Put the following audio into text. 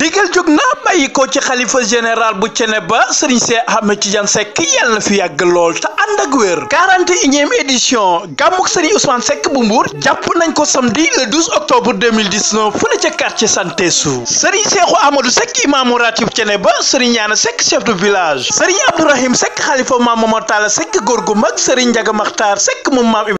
digal jóg na bàyyi ko ci xalifa général bu cene ba sëriñ see Ahmed Tidiane Seck yàlla na fi yàgg lool te ànd ak weer quarante et unième édition gàmmuk sëriñ Ousmane Seck bu Mbour jàpp nañ ko samedi le 12 octobre 2019 fële ca quartier santé su sëriñ seexu Amadou Seck imaamu ratib cene ba sëriñ Ñaana Seck chef de village sëriñ Abdourahim Seck xalifa maam Momar Talla Seck góor gu mag sëriñ Njaga Maxtaar Seck moom maam